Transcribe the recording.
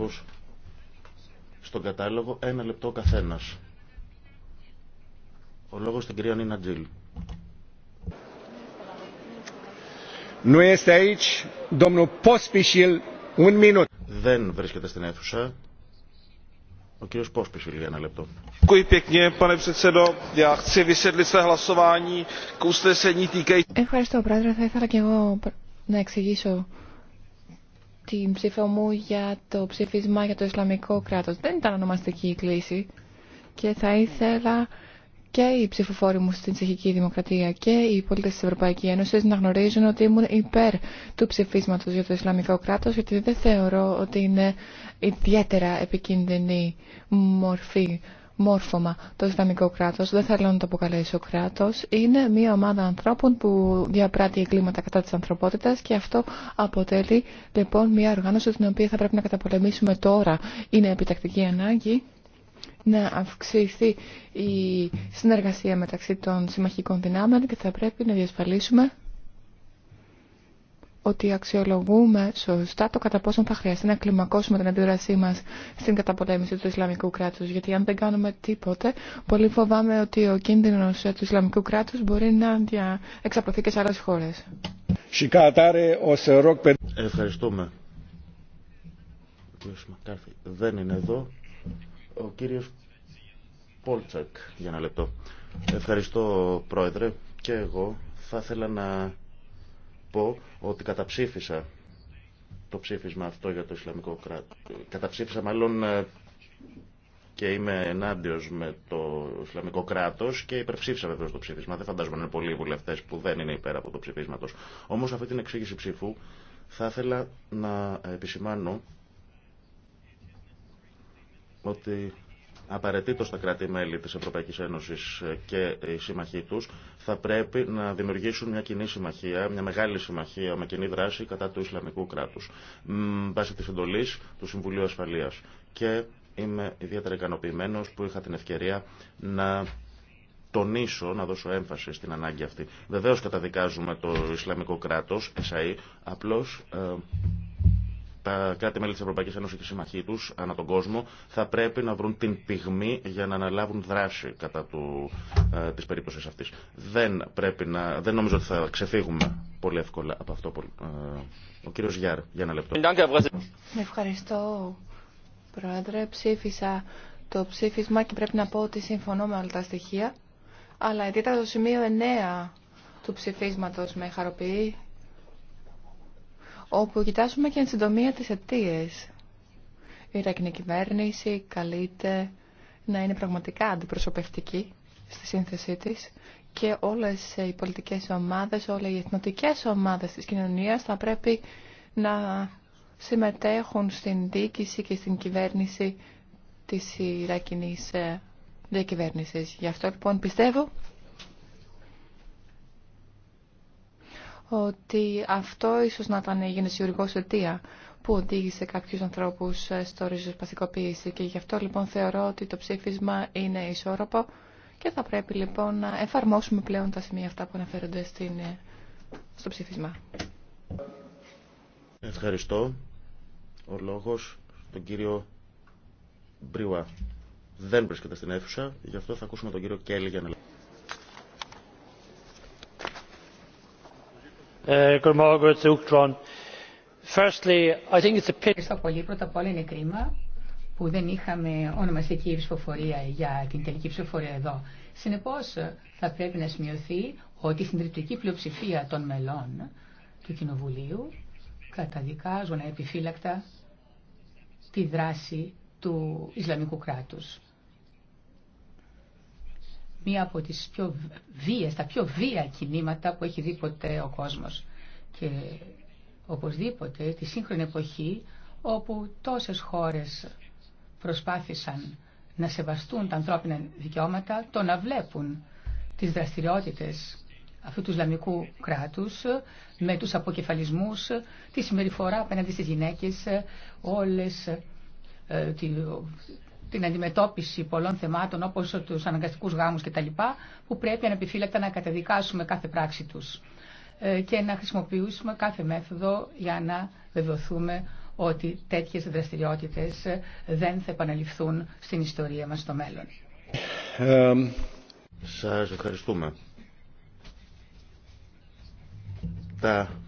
τους στον κατάλογο ένα λεπτό ο καθένας. Ο λόγος στην κυρία Νίνα Τζίλ. Δεν βρίσκεται στην αίθουσα. Ο κύριος Πόσπισιλ για ένα λεπτό. Ευχαριστώ πρόεδρε. Θα ήθελα και εγώ να εξηγήσω την ψήφο μου για το ψήφισμα για το Ισλαμικό κράτος. Δεν ήταν ονομαστική η κλίση και θα ήθελα και οι ψηφοφόροι μου στην Τσεχική Δημοκρατία και οι πολίτες της Ευρωπαϊκής Ένωσης να γνωρίζουν ότι ήμουν υπέρ του ψηφίσματος για το Ισλαμικό κράτος γιατί δεν θεωρώ ότι είναι ιδιαίτερα επικίνδυνη μορφή μόρφωμα το Ισλαμικό κράτο, δεν θέλω να το αποκαλέσω κράτο, είναι μια ομάδα ανθρώπων που διαπράττει εγκλήματα κατά της ανθρωπότητας και αυτό αποτελεί λοιπόν μια οργάνωση την οποία θα πρέπει να καταπολεμήσουμε τώρα. Είναι επιτακτική ανάγκη να αυξηθεί η συνεργασία μεταξύ των συμμαχικών δυνάμεων και θα πρέπει να διασφαλίσουμε ότι αξιολογούμε σωστά το κατά πόσο θα χρειαστεί να κλιμακώσουμε την αντίδρασή μας στην καταπολέμηση του Ισλαμικού κράτους. Γιατί αν δεν κάνουμε τίποτε, πολύ φοβάμαι ότι ο κίνδυνο του Ισλαμικού κράτους μπορεί να εξαπλωθεί και σε άλλε χώρε. Ευχαριστούμε. Δεν είναι εδώ ο κύριος Πόλτσακ για ένα λεπτό. Ευχαριστώ πρόεδρε και εγώ θα ήθελα να πω ότι καταψήφισα το ψήφισμα αυτό για το Ισλαμικό κράτος. Καταψήφισα μάλλον ε, και είμαι ενάντιο με το Ισλαμικό κράτο και υπερψήφισα βεβαίω το ψήφισμα. Δεν φαντάζομαι να είναι πολλοί βουλευτέ που δεν είναι υπέρ από το ψηφίσματο. Όμω αυτή την εξήγηση ψήφου θα ήθελα να επισημάνω ότι απαραίτητο στα κράτη-μέλη της Ευρωπαϊκής Ένωσης και οι συμμαχοί τους θα πρέπει να δημιουργήσουν μια κοινή συμμαχία, μια μεγάλη συμμαχία με κοινή δράση κατά του Ισλαμικού κράτους βάσει της εντολής του Συμβουλίου Ασφαλείας. Και είμαι ιδιαίτερα ικανοποιημένο που είχα την ευκαιρία να τονίσω, να δώσω έμφαση στην ανάγκη αυτή. Βεβαίως καταδικάζουμε το Ισλαμικό κράτος, ΕΣΑΗ, απλώς... Ε, τα κράτη-μέλη τη Ευρωπαϊκή Ένωση και τη συμμαχοί του ανά τον κόσμο θα πρέπει να βρουν την πυγμή για να αναλάβουν δράση κατά ε, τη περίπτωση αυτή. Δεν, δεν νομίζω ότι θα ξεφύγουμε πολύ εύκολα από αυτό. Ε, ο κύριο Γιάρ, για ένα λεπτό. Ευχαριστώ, Πρόεδρε. Ψήφισα το ψήφισμα και πρέπει να πω ότι συμφωνώ με όλα τα στοιχεία. Αλλά ήταν το σημείο 9 του ψηφίσματος με χαροποιεί όπου κοιτάζουμε και εν συντομία τις αιτίε. Η Ιρακινή κυβέρνηση καλείται να είναι πραγματικά αντιπροσωπευτική στη σύνθεσή της και όλες οι πολιτικές ομάδες, όλες οι εθνοτικές ομάδες της κοινωνίας θα πρέπει να συμμετέχουν στην δίκηση και στην κυβέρνηση της Ιρακινής ε, διακυβέρνησης. Γι' αυτό λοιπόν πιστεύω ότι αυτό ίσως να ήταν η γενεσιουργός αιτία που οδήγησε κάποιους ανθρώπους ε, στο ριζοσπαστικοποίηση και γι' αυτό λοιπόν θεωρώ ότι το ψήφισμα είναι ισόρροπο και θα πρέπει λοιπόν να εφαρμόσουμε πλέον τα σημεία αυτά που αναφέρονται στην, ε, στο ψήφισμα. Ευχαριστώ. Ο λόγος τον κύριο Μπριουά. Δεν βρίσκεται στην αίθουσα, γι' αυτό θα ακούσουμε τον κύριο Κέλλη για να Ε, Ευχαριστώ πολύ. Πρώτα απ' όλα είναι κρίμα που δεν είχαμε ονομαστική ψηφοφορία για την τελική ψηφοφορία εδώ. Συνεπώς θα πρέπει να σημειωθεί ότι η συντριπτική πλειοψηφία των μελών του Κοινοβουλίου καταδικάζουν επιφύλακτα τη δράση του Ισλαμικού κράτους μία από τις πιο βίες, τα πιο βία κινήματα που έχει δει ποτέ ο κόσμος. Και οπωσδήποτε τη σύγχρονη εποχή όπου τόσες χώρες προσπάθησαν να σεβαστούν τα ανθρώπινα δικαιώματα, το να βλέπουν τις δραστηριότητες αυτού του Ισλαμικού κράτους με τους αποκεφαλισμούς, τη συμπεριφορά απέναντι στις γυναίκες, όλες ε, την αντιμετώπιση πολλών θεμάτων όπως τους αναγκαστικούς γάμους κτλ. που πρέπει ανεπιφύλακτα να καταδικάσουμε κάθε πράξη τους ε, και να χρησιμοποιήσουμε κάθε μέθοδο για να βεβαιωθούμε ότι τέτοιες δραστηριότητες ε, δεν θα επαναληφθούν στην ιστορία μας στο μέλλον. σας ευχαριστούμε. Τα